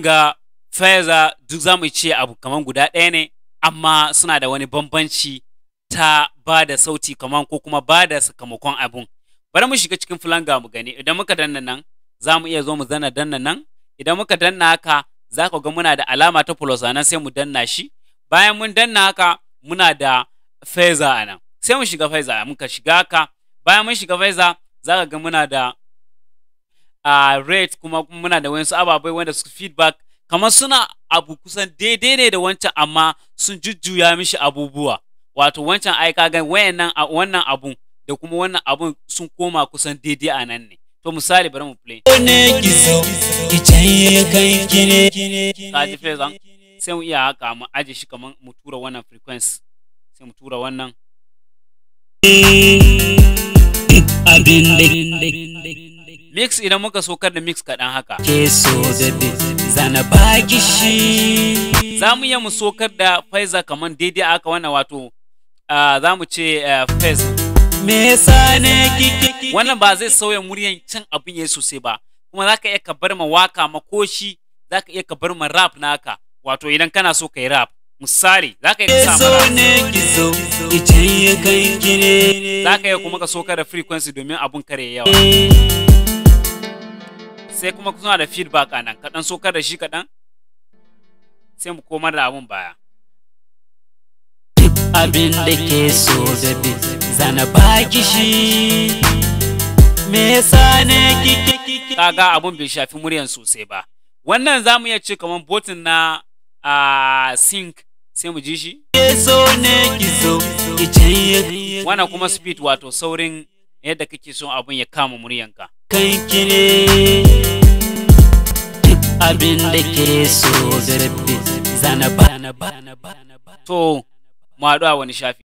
ga feza duk za mu ce abu kaman guda ɗaya ne amma suna da wani bambanci ta ba da sauti kamar ko kuma ba da sakamakon abun bari mu shiga cikin flanga mu gani idan muka danna nan za mu iya zo mu zana danna nan idan muka danna haka za ka ga muna da alama ta plus a nan sai mu danna shi bayan mun danna haka muna da feza a nan sai mu shiga faiza muka shiga haka bayan mun shiga faiza za ka ga muna da uh, rate kuma muna da wayansu ababai wanda su feedback kamar suna abu kusan daidai ne da wancan amma sun jujjuya mishi abubuwa wato wancan ai ka gani wayannan wannan abun da kuma wannan abun sun koma kusan daidai a nan ne to misali bari mu play ka ji fezan sai mu iya haka mu aje shi kamar mu tura wannan frequency sai mu tura wannan abin da mix idan muka sokar da mix kaɗan haka ke so da zana baki shi za mu iya mu da faiza kamar daidai aka wannan wato za mu ce faiza me yasa ne kike wannan ba zai sauya muryan cin abin ya sosai ba kuma za ka iya ka bar ma waka makoshi za ka iya ka bar ma rap naka wato idan kana so ka yi rap misali za ka yi kire. za ka iya kuma ka soka da frequency domin abun kare yawa eh. sai kuma kuna da feedback a nan kaɗan sokar da shi kaɗan sai mu komar da abun baya duk abin da ke so da bi zana baki shi me yasa ne kike kaga abun bai shafi muryan sosai ba wannan za mu iya ce kamar botin na a sync sai mu ji shi so ne ki ki wannan kuma speed wato saurin yadda kake son abun ya kama muryanka kire. abin da ke so da rabbi to mu haɗu a wani shafi